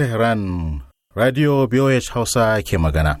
Tehran, Radio BOH Hausa ke magana.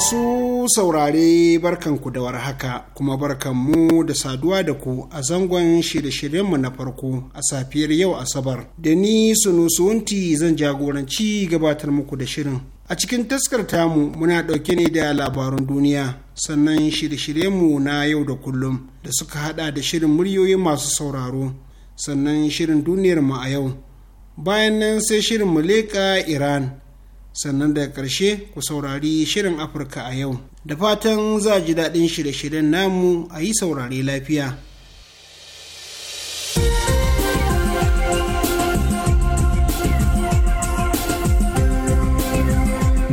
Masu saurare barkanku da haka kuma barkanmu da saduwa da ku a zangon shirye-shiryenmu na farko a safiyar yau Asabar. Da ni Sunusunti zan jagoranci gabatar muku da shirin. A cikin taskar tamu muna ɗauke ne da labarun duniya sannan shirye-shiryenmu na yau da kullum da suka hada da shirin muryoyin masu sauraro sannan shirin duniyarmu a yau. Bayan nan sai shirin mu leƙa Iran. sannan da ƙarshe ku saurari shirin afirka a yau da fatan za ji daɗin shirye-shiryen namu a yi saurari lafiya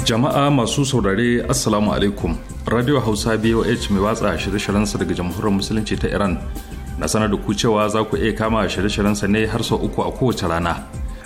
jama'a masu saurare assalamu alaikum radio hausa boh mai watsa shirye-shiryensa daga jamhuriyar musulunci ta iran na sanar da ku cewa za ku iya kama shirye-shiryensa ne har sau uku a kowace rana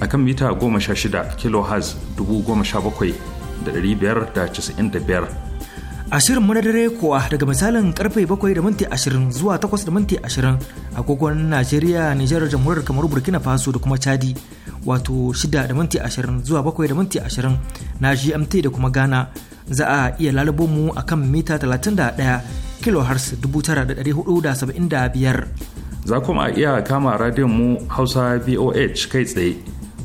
a kan mita 16 kHz 17,595. Ashirin mu na kuwa daga misalin karfe 7 da minti 20 zuwa 8 da minti 20 kogon Najeriya, Nijar, Jamhuriyar Kamaru, Burkina Faso da kuma Chadi wato 6 da minti 20 zuwa 7 da minti 20 na GMT da kuma Ghana za a iya lalubo mu a kan mita 31 kHz 9,475. Za kuma iya kama radiyon mu Hausa boh kai tsaye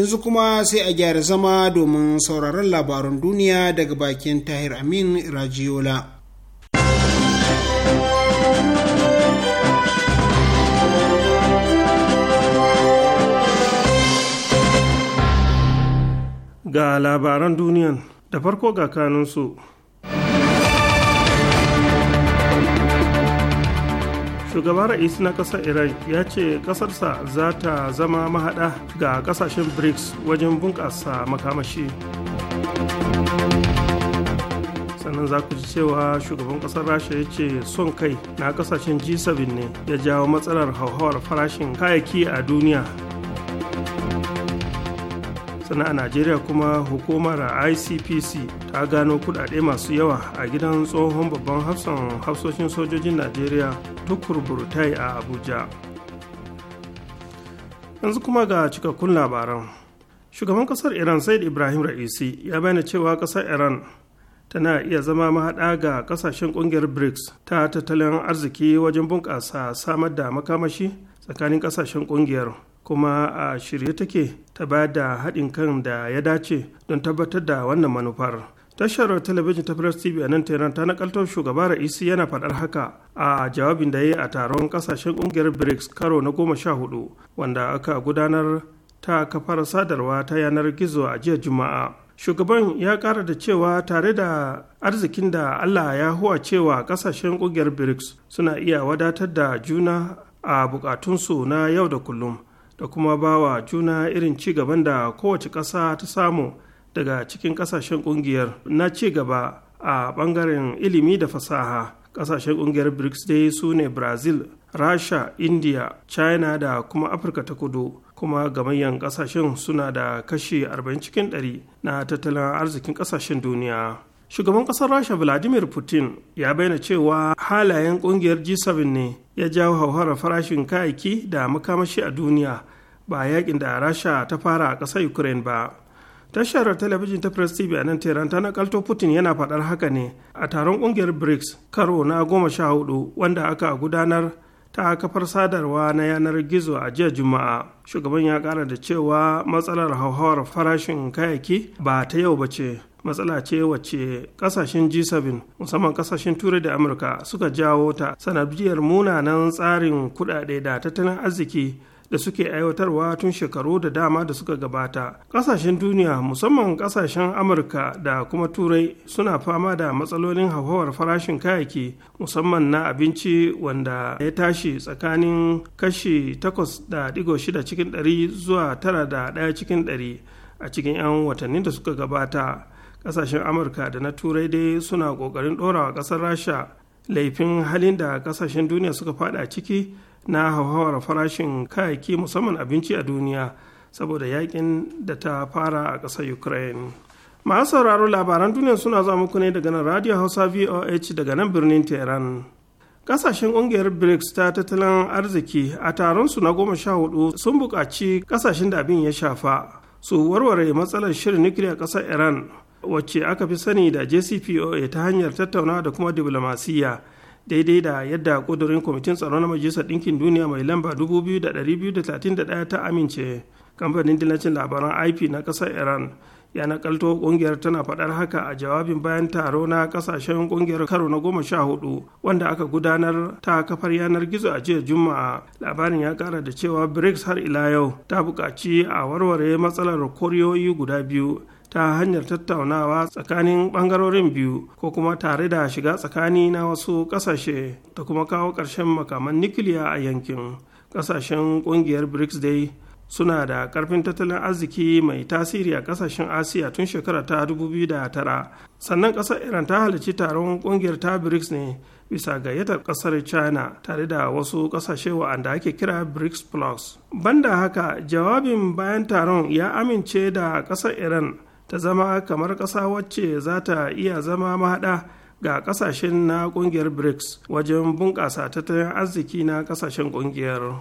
yanzu kuma sai a gyara zama domin sauraron labaran duniya daga bakin tahir amin rajiyola. ga labaran duniyan da farko ga kanunsu shugaba ra'is na kasar iran ya ce kasarsa za ta zama mahada ga kasashen brics wajen bunƙasa makamashi sannan za ku ji cewa shugaban kasar rasha ya ce son kai na kasashen g7 ne ya jawo matsalar hauhawar farashin kayaki a duniya sannan a najeriya kuma hukumar icpc ta gano kudade masu yawa a gidan tsohon babban hafsan hafsoshin sojojin najeriya tukur a abuja yanzu kuma ga cikakkun labaran shugaban kasar iran said ibrahim ra'isi ya bayyana cewa kasar iran tana iya zama mahaɗa ga kasashen ƙungiyar brics ta tattalin arziki wajen bunƙasa samar da makamashi tsakanin kasashen ƙungiyar kuma a shirye take ta ba da haɗin kan da ya dace don tabbatar da wannan manufar tashar talabijin ta press tv a nan tehran ta nakaltar shugaba ra'isi yana faɗar haka a jawabin da ya yi a taron kasashen ƙungiyar brics karo na goma sha hudu wanda aka gudanar ta kafar sadarwa ta yanar gizo a jiya juma'a shugaban ya ƙara da cewa tare da arzikin da allah ya huwa cewa kasashen ƙungiyar brics suna iya wadatar da juna a bukatunsu na yau da kullum da kuma bawa juna irin ci gaban da kowace ƙasa ta samu daga cikin kasashen kungiyar na ci gaba a bangaren ilimi da fasaha kasashen kungiyar brics dai su ne brazil rasha india china da kuma afirka ta kudu kuma gamayyan kasashen suna da kashi 40 cikin 100 na tattalin arzikin kasashen duniya shugaban kasar rasha vladimir putin ya bayyana cewa halayen kungiyar g7 ne ya jawo hauhara farashin kayaki da makamashi a duniya ba yakin da rasha ta fara a ƙasar ukraine ba tashar talabijin ta press tv a nan tehran ta nakalto putin yana fadar haka ne a taron kungiyar brics karo na goma sha hudu wanda aka gudanar ta kafar sadarwa na yanar gizo a jiya juma'a shugaban ya kara da cewa matsalar hauhawar farashin kayayyaki ba ta yau ba ce matsala ce wacce kasashen g7 musamman kasashen turai da amurka suka jawo ta sanadiyar munanan tsarin kudade da tattalin arziki da suke aiwatarwa tun shekaru da dama da suka gabata kasashen duniya musamman kasashen amurka da kuma turai suna fama da matsalolin hauhawar farashin kayaki musamman na abinci wanda ya tashi tsakanin kashi 8.6 cikin 100 zuwa 9.1 cikin 100 a cikin 'yan watannin da suka gabata kasashen amurka da na turai dai suna ƙoƙarin ɗorawa ƙasar rasha laifin halin da kasashen duniya suka fada ciki na hauhawar farashin kayayyaki musamman abinci a duniya saboda yakin da ta fara a ƙasar ukraine masu sauraro labaran duniya suna zuwa muku ne daga nan radio hausa voh daga nan birnin tehran kasashen ƙungiyar brics ta tattalin arziki a taron su na goma sha hudu sun buƙaci kasashen da abin ya shafa su warware matsalar shirin nukiliya ƙasar iran wacce aka fi sani da jcpoa ta hanyar tattaunawa da kuma diplomasiyya daidai da yadda ƙudurin kwamitin tsaro na majalisar ɗinkin duniya mai lamba 2231 ta amince kamfanin dillacin labaran ip na ƙasar iran ya nakalto ƙungiyar tana faɗar haka a jawabin bayan taro na ƙasashen ƙungiyar karo na goma sha hudu wanda aka gudanar ta kafar yanar gizo a jiya juma'a labarin ya ƙara da cewa brics har ila yau ta buƙaci a warware matsalar koriyoyi guda biyu ta hanyar tattaunawa tsakanin bangarorin biyu ko kuma tare da shiga tsakani na wasu kasashe da kuma kawo ƙarshen makaman nukiliya a yankin kasashen ƙungiyar brics dai suna da karfin tattalin arziki mai tasiri a ƙasashen asiya tun shekara ta 2009 sannan ƙasar iran ta halarci taron ƙungiyar ta brics ne bisa gayyatar ƙasar china tare da wasu ƙasashe wa'anda ake kira brics plus banda haka jawabin bayan taron ya amince da kasar iran ta zama kamar ƙasa wacce za ta iya zama mahaɗa ga ƙasashen na ƙungiyar brics wajen bunƙasa tattalin arziki na ƙasashen ƙungiyar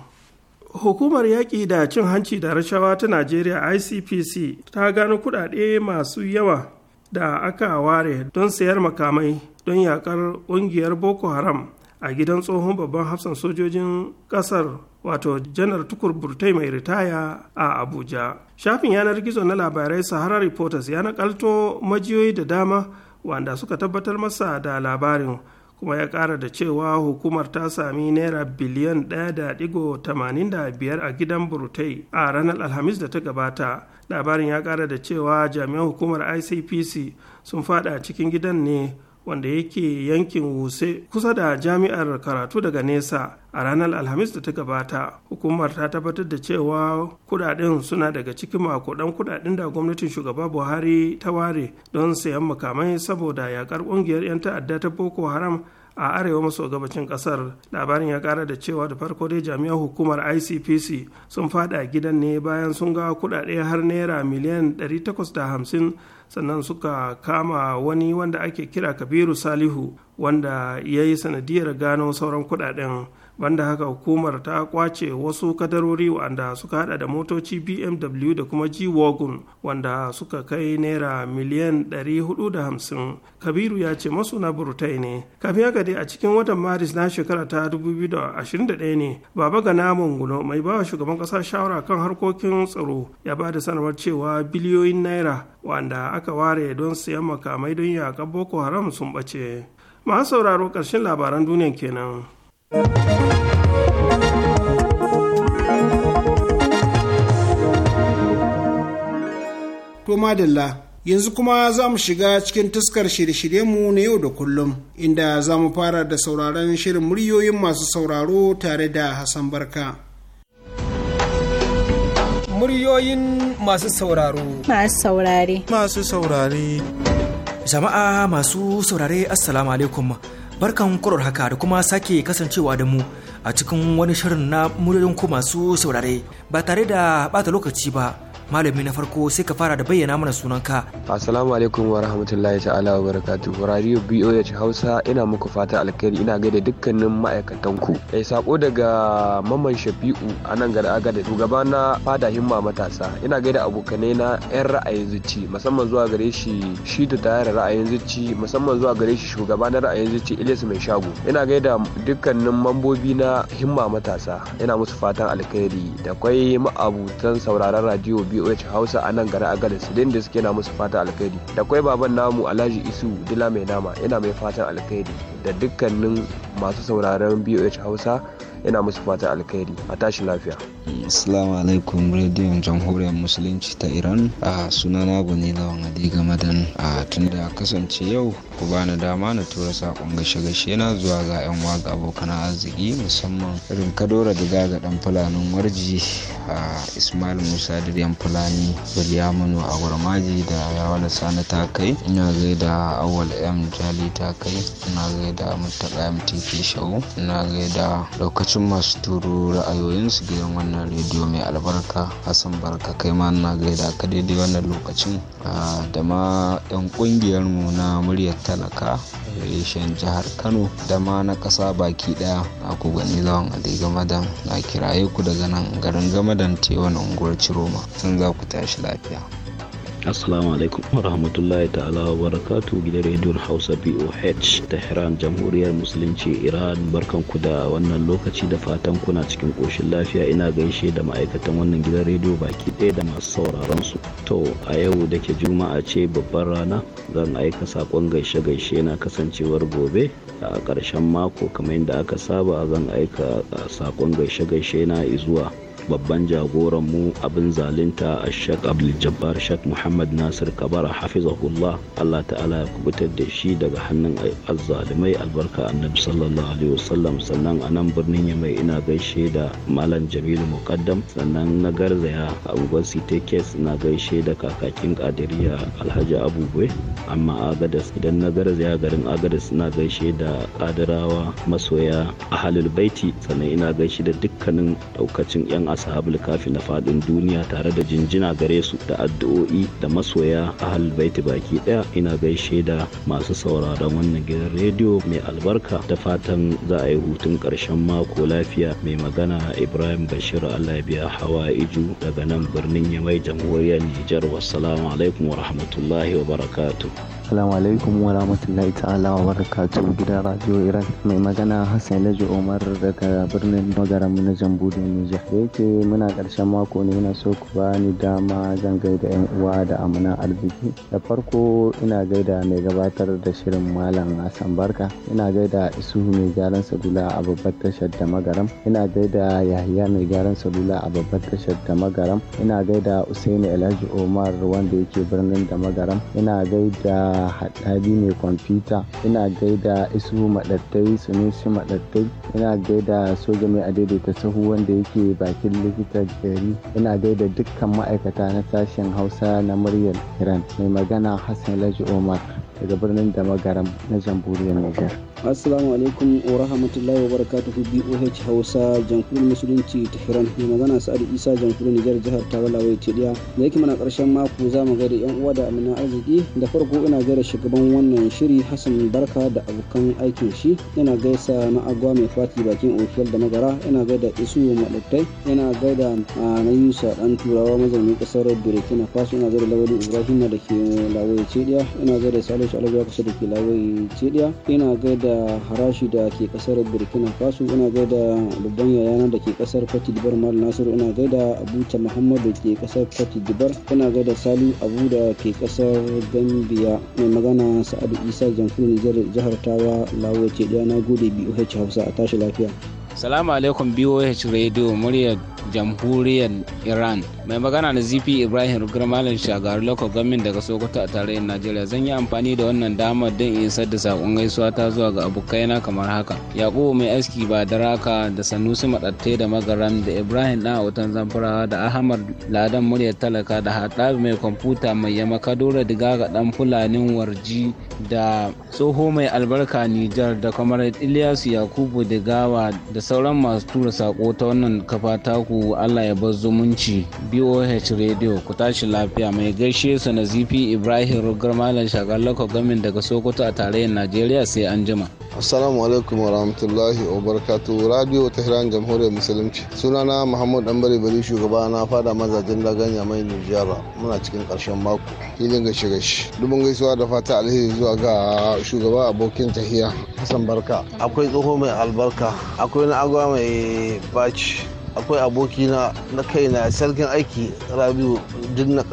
hukumar yaƙi da cin hanci da rashawa ta najeriya icpc ta gano kuɗaɗe masu yawa da aka ware don sayar makamai don yaƙar ƙungiyar boko haram a gidan tsohon babban hafsan sojojin ƙasar wato janar tukur burtai mai ritaya a abuja shafin yanar gizo na labarai sahara reporters ya nakalto majiyoyi da dama wanda suka tabbatar masa da labarin kuma ya kara da cewa hukumar ta sami naira biliyan 1.85 a gidan burtai a ranar alhamis da ta gabata labarin ya kara da cewa jami'an hukumar icpc sun fada cikin gidan ne wanda yake yankin wuse kusa da jami'ar karatu daga nesa a ranar alhamis da ta gabata hukumar ta tabbatar da cewa kudaden suna daga cikin makudan kudaden da gwamnatin shugaba buhari ta ware don sayan makamai saboda yakar kungiyar 'yan ta'adda ta boko haram a arewa maso gabacin kasar labarin ya kara da cewa da farko dai jami'an hukumar icpc sun fada gidan ne bayan sun ga kudade har naira miliyan 850 sannan suka kama wani wanda ake kira kabiru salihu wanda ya yi sanadiyar gano sauran kudaden Wanda haka hukumar ta kwace wasu kadarori wanda suka hada da motoci bmw da kuma g-wagon wanda suka kai naira miliyan 450 kabiru ya ce masu na burtai ne kafin haka dai a cikin watan maris na shekara ta 2021 ne baba ga namun guno mai bawa shugaban kasa shawara kan harkokin tsaro ya ba da sanarwar cewa biliyoyin naira wanda aka ware don siyan makamai don yaƙar boko haram sun bace masu sauraro ƙarshen labaran duniya kenan. To madalla yanzu kuma za mu shiga cikin tuskar shirye-shiryenmu na yau da kullum inda za mu fara da sauraron shirin muryoyin masu sauraro tare da Hassan Barka. Muryoyin masu sauraro. Masu saurare. Masu saurare. Jama'a masu saurare Assalamu alaikum. Barkan kurar haka da kuma sake kasancewa da mu a cikin wani shirin na muryoyin ku masu saurare ba tare da bata lokaci ba malami na farko sai ka fara da bayyana mana sunanka. Assalamu alaikum wa rahmatullahi ta'ala wa barakatuh. Radio BOH Hausa ina muku fata alkhairi ina gaida dukkanin ma'aikatan ku. Kai eh, sako daga Maman Shafi'u a nan gada aga da shugaba na fada himma matasa. Ina gaida abokanai na yan ra'ayin zuci musamman zuwa gare shi shi da tayar ra'ayin zuci musamman zuwa gare shi shugaba na ra'ayin zuci Ilyas Mai Shago. Ina gaida dukkanin mambobi na himma matasa. Ina musu fatan alkhairi da kwai ma'abutan sauraron radio BOH BOH Hausa a nan garin Agadez din da suke na musu fata alkhairi da kwai baban namu Alhaji Isu Dila mai nama yana mai fatan alkhairi da dukkanin masu sauraron BOH Hausa yana musu fata alkhairi a tashi lafiya. Assalamu alaikum rediyon jamhuriyar musulunci ta Iran a sunana Gwani Lawan Ali madan a Tunda da kasance yau ku bani dama na tura sakon gashe-gashe na zuwa ga 'yan waka abokan arziki musamman irin kadora da gaga dan fulanin warji a Ismail Musa Diryan Fulani Bilyaminu a Gwarmaji da Yawala Sani ta kai ina da Awal M Jali ta kai ina gaida Mutaka MTP Shau ina da lokacin masu turo ra'ayoyinsu gidan wannan wannan rediyo mai albarka hassan barka kai ma na gaida ka daidai wannan lokacin ah, da ma yan kungiyar mu na muryar talaka reshen jihar kano da ma na kasa baki daya a ku gani lawan ali gamadan na kiraye ku daga nan garin gamadan tewa na unguwar ciroma tun za ku tashi lafiya Assalamu alaikum wa rahmatullahi ta'ala wa barakatu gidan rediyon Hausa BOH Tehran Jamhuriyar Musulunci Iran barkan ku da wannan lokaci da fatan kuna cikin koshin lafiya ina gaishe da ma'aikatan wannan gidan rediyo baki ɗaya da masu sauraron su. To a yau da ke juma'a ce babbar rana zan aika sakon gaishe gaishe na kasancewar gobe a ƙarshen mako kamar yadda aka saba zan aika sakon gaishe gaishe na izuwa babban jagoran mu abin zalunta a abdul jabbar shak muhammad nasir kabara hafizahullah allah ta'ala ya kubutar da shi daga hannun azzalimai albarka annabi sallallahu alaihi wasallam sannan a nan birnin yamai ina gaishe da malam jamilu muqaddam sannan na garzaya a unguwar sitekes na gaishe da kakakin kadiriya alhaji abubuwa amma agadas idan na garzaya garin agadas na gaishe da kadirawa masoya a halil baiti sannan ina gaishe da dukkanin daukacin yan ashabul kafi na fadin duniya tare da jinjina gare su da addu'o'i da masoya a baiti baki daya ina gaishe da masu sauraron wannan gidan rediyo mai albarka da fatan za a yi hutun karshen mako lafiya mai magana ibrahim bashir allah ya biya hawa iju daga nan birnin yamai jamhuriyar nijar wassalamu alaikum wa rahmatullahi wa barakatuh Assalamu alaikum wa rahmatullahi ta'ala wa barakatuhu gidan Radio Iran. Mai magana Hassan Laji Omar daga birnin Magaram na Jamhuriyar Nijar. Da yake muna ƙarshen mako ne ina so ku bani dama zan gaida yan uwa da amana arziki. Da farko ina gaida mai gabatar da shirin Malam Hassan Barka. Ina gaida Isuhu mai gyaran salula a babbar tashar da Magaram. Ina gaida Yahya mai gyaran salula a babbar tashar da Magaram. Ina gaida Usaini Alhaji Omar wanda yake birnin da Magaram. Ina gaida haɗari mai kwamfuta ina gaida isu maɗattai sunusi maɗattai ina gaida soja mai adaidaita sahu wanda yake bakin likita gari ina gaida dukkan ma'aikata na sashen hausa na muryar iran mai magana hassan laji omar daga birnin da magaram na jamhuriyar niger assalamu alaikum wa rahmatullahi wa barakatuhu boh hausa jamhuriyar musulunci tehran mai magana sa'adu isa jamhuriyar nijar jihar taraba wai tediya da yake mana karshen mako za mu gaida yan uwa da amina arziki da farko ina gaida shugaban wannan shiri hassan barka da abokan aikin shi ina gaisa na agwa mai fati bakin ofiyar da magara ina gaida isu madattai ina gaida na yusa dan turawa mazaunin kasar burkina faso ina gaida lawali ibrahim da ke lawaye cediya ina gaida salisu kusa da ke lawaye cediya ina gaida da harashi da ke kasar burkina faso ina gaida babban yayana da ke kasar cote d'ivoire mal nasiru ina gaida abuta muhammad da ke kasar cote d'ivoire ina gaida salu abu da ke kasar gambia mai magana sa'adu isa jamhuriyar nijar jihar tawa lawo ce na gode boh hausa a tashi lafiya Salamu alaikum BOH Radio muryar jamhuriyar Iran. Mai magana da ZP Ibrahim Rugar Malam Shagaru Loko Gamin daga Sokoto a tarayyar Najeriya. Zan yi amfani da wannan damar don in isar da sakon gaisuwa ta zuwa ga abokaina kamar haka. Yakubu mai aski ba daraka da Sanusi Madattai da Magaran da Ibrahim ɗan Autan Zamfarawa da Ahmad Ladan muryar talaka da Hadabi mai kwamfuta mai yama Kadura Digaga dan Fulanin Warji da Tsoho mai albarka Nijar da kamar Ilyasu Yakubu Digawa da sauran masu tura sako ta wannan kafa taku Allah ya bar zumunci BOH Radio ku tashi lafiya mai gaishe su na Zifi Ibrahim Rugar Malam shagallako Gamin daga Sokoto a tarayyar Najeriya sai an jima. assalamu alaikum warahmatullahi wabarakatuh radio tehran jamhuriyar musulunci sunana muhammad dan bari shugaba na fada mazajen laganya mai nijiyar muna cikin karshen mako filin gashi gashi dubin gaisuwa da fata alheri zuwa ga shugaba abokin tahiya hassan barka akwai tsoho mai albarka akwai na agwa mai baci akwai abokina na kaina sarkin aiki rabiu duk na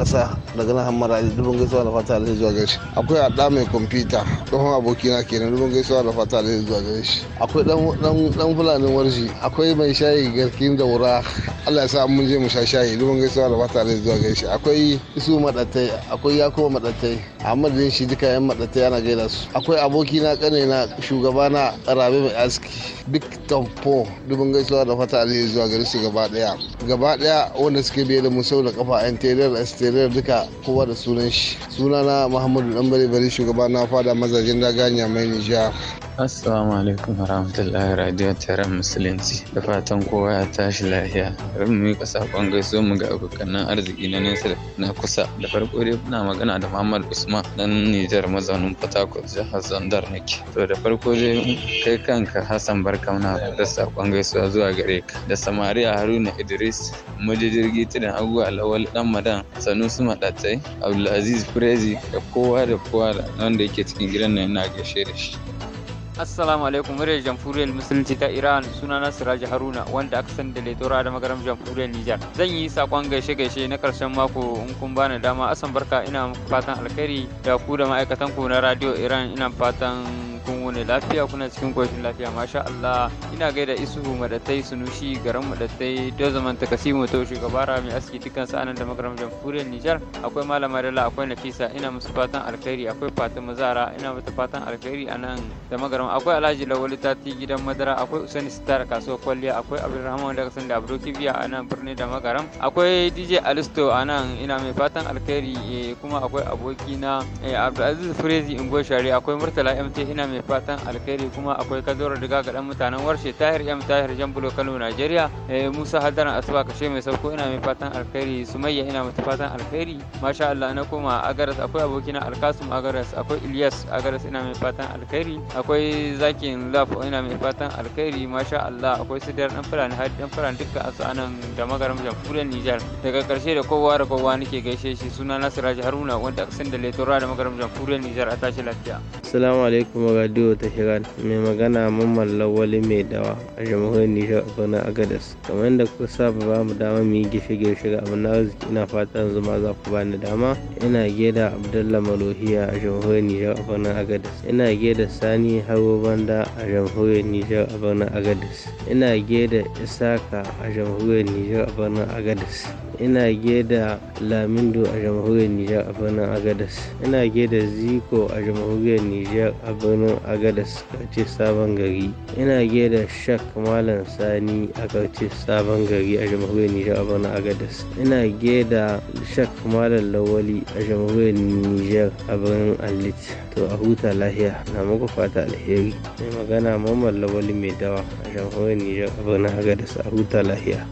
daga nan hamar ali dubin gaisuwa da fata alheri zuwa gare akwai a mai kwamfuta tsohon abokina kenan dubin gaisuwa da fata alheri zuwa gare shi akwai dan fulani warshi akwai mai shayi garkin da wura allah ya sa mun je mu sha shayi dubin gaisuwa da fata alheri zuwa gare akwai isu maɗatai akwai yakuba maɗatai amma da shi duka yan maɗatai ana gaida su akwai abokina shugaba na rabe mai aski duk tamfo dubin gaisuwa da fata alheri zuwa gare su gaba ɗaya gaba wanda suke biye da mu sau da kafa yan interior exterior duka kowa da sunan shi sunana muhammadu dan bari bari shugaba na fada mazajen ganya mai nija Assalamu alaikum warahmatullahi radio taron musulunci da fatan kowa ya tashi lafiya. Bari mu miƙa saƙon gaisuwa mu ga abokanan arziki na nesa na kusa. Da farko dai muna magana da Muhammad Usman dan Nijar mazaunin Port Harcourt jihar Zandar nake. To da farko dai kai kanka Hassan Barka muna da saƙon gaisuwa zuwa gare ka. Da Samariya Haruna Idris Mujijirgi Tudun a Lawal Dan Madan da sanusi maɗatai abdulaziz firezi da kowa da kowa wanda yake cikin gidan nan yana gaishe da shi assalamu alaikum muryar jamhuriyar musulunci ta iran suna na siraji haruna wanda aka sani da letora da magaram jamhuriyar nijar zan yi saƙon gaishe gaishe na ƙarshen mako in kun bani dama asan barka ina fatan alkhairi da ku da ma'aikatan ku na radio iran ina fatan kun ne lafiya kuna cikin ƙoshin lafiya masha Allah ina gaida isuhu madatai sunushi garin madatai da zaman takasimu to shugabara mai aski dukkan sa'anan da makaram jamhuriyar Nijar akwai malama dala akwai nafisa ina musu fatan alkhairi akwai fatima zara ina mata fatan alkhairi anan da makaram akwai alhaji lawali tati gidan madara akwai usaini sitar kasuwar kwalliya akwai abdulrahman wanda kasan da Abroki biya anan birni da makaram akwai dj alisto anan ina mai fatan alkhairi eh, kuma akwai aboki na eh, abdulaziz Frezi ingo share akwai murtala mt ina mai fatan fatan alkhairi kuma akwai kadoro riga ga dan mutanen warshe tahir yam tahir jambulo kano najeriya eh, musa hadana asuba kashe mai sauko ina mai fatan alkhairi sumayya ina mai fatan alkhairi masha allah na koma agaras akwai abokina alkasum agaras akwai ilyas agaras ina mai fatan alkhairi akwai zakin laf ina mai fatan alkhairi masha allah akwai sidar dan fulani har dan fulani dukkan asu anan da magaram jamhuriyar niger daga karshe da kowa da kowa nake gaishe shi suna nasiraji haruna wanda aka san da letora da magaram jamhuriyar niger a tashi lafiya assalamu alaikum radio rediyo ta mai magana mamman lawali mai dawa a jamhuriyar nijar a birnin agadas kamar yadda kuka saba ba mu dama mu yi gishe gishe ga abin arziki ina fatan zuma za ku bani dama ina geda abdullah malohiya a jamhuriyar nijar a birnin agadas ina geda sani haro banda a jamhuriyar nijar a birnin agadas ina geda isaka a jamhuriyar nijar a birnin agadas ina geda lamindo a jamhuriyar nijar a birnin agadas ina geda ziko a jamhuriyar nijar a birnin agadas agadas karce sabon gari ina gaida shak malam sani a karce sabon gari a jamhuriyar nijar a birnin agadas ina da shak malam lawali a jamhuriyar nijar a birnin alit to a huta lahiya na muku fata alheri mai magana mamman lawali mai dawa a jamhuriyar nijar a birnin agadas a huta lahiya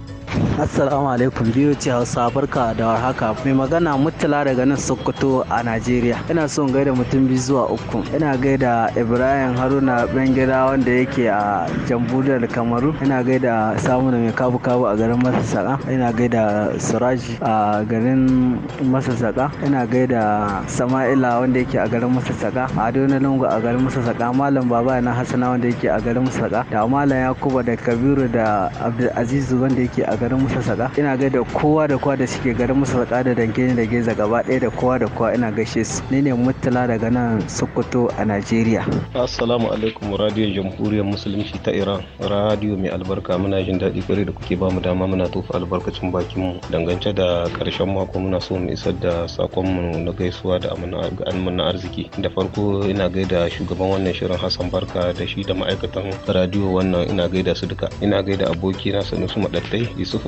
assalamu alaikum biyu ce hausa barka da warhaka mai magana mutula daga nan sokoto a najeriya ina son gaida mutum biyu zuwa uku ina gaida ibrahim haruna bengida wanda yake a jamhuriyar kamaru ina gaida samuna mai kabu kabu a garin masasaka ina gaida suraji a garin masasaka ina gaida sama'ila wanda yake a garin masasaka ado na lungu a garin masasaka malam baba na hasana wanda yake a garin masasaka da malam yakuba da kabiru da abdulaziz wanda yake a garin musa saka ina da kowa da kowa da suke garin musa saka da dangane da geza gaba ɗaya da kowa da kowa ina gaishe su ni ne murtala daga nan sokoto a najeriya assalamu alaikum radio jamhuriyar musulunci ta iran radio mai albarka muna jin daɗi kwarai da kuke bamu dama muna tofa albarkacin bakin mu dangance da karshen mako muna so mu isar da sakon mu na gaisuwa da amana arziki da farko ina gaida shugaban wannan shirin hassan barka da shi da ma'aikatan radio wannan ina gaida su duka ina gaida abokina sanusu madattai yusuf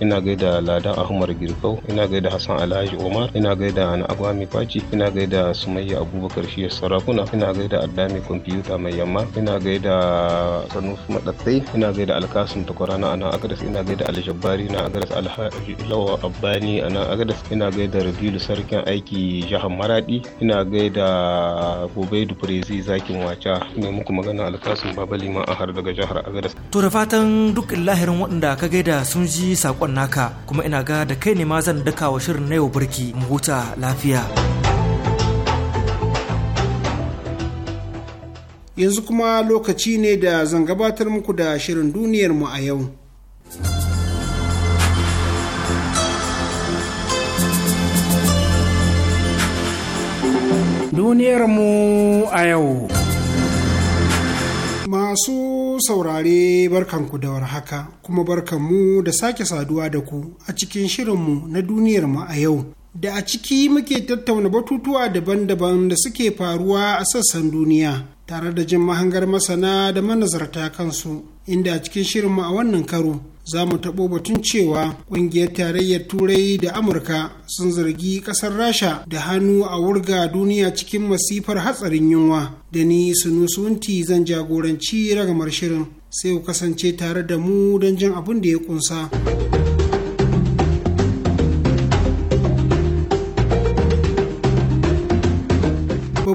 ina gaida lada ahmar girkau ina gaida hassan alhaji umar ina gaida ana agwami mai faci ina gaida sumayya abubakar shiya sarakuna ina gaida addami kwamfuta mai yamma ina gaida sanusu madattai ina gaida alkasun takwara na ana agadas ina gaida aljabbari na agadas alhaji lawa abbani ana agadas ina gaida rabilu sarkin aiki jihar maradi ina gaida gobaidu firezi zakin wacha ne muku magana alkasun babali ma har daga jihar agadas to da fatan duk lahirin waɗanda ka gaida sun ji ji saƙon naka kuma ina ga da kai ne ma zan daka wa shirin na yau birki mu huta lafiya. Yanzu kuma lokaci ne da zan gabatar muku da shirin duniyarmu a yau. duniyar mu a yau. Masu saurare barkan ku da warhaka kuma barkanmu da sake saduwa da ku a cikin shirinmu na duniyarmu a yau. Da a ciki muke tattauna batutuwa daban-daban da suke faruwa a sassan duniya tare da jin mahangar masana da manazarta kansu inda a cikin shirinmu a wannan karo za mu taɓo batun cewa ƙungiyar tarayyar turai da amurka sun zargi ƙasar rasha da hannu a wurga duniya cikin masifar hatsarin yunwa da ni sunusunti zan jagoranci ragamar shirin sai ku kasance tare da mu don jin abin da ya ƙunsa.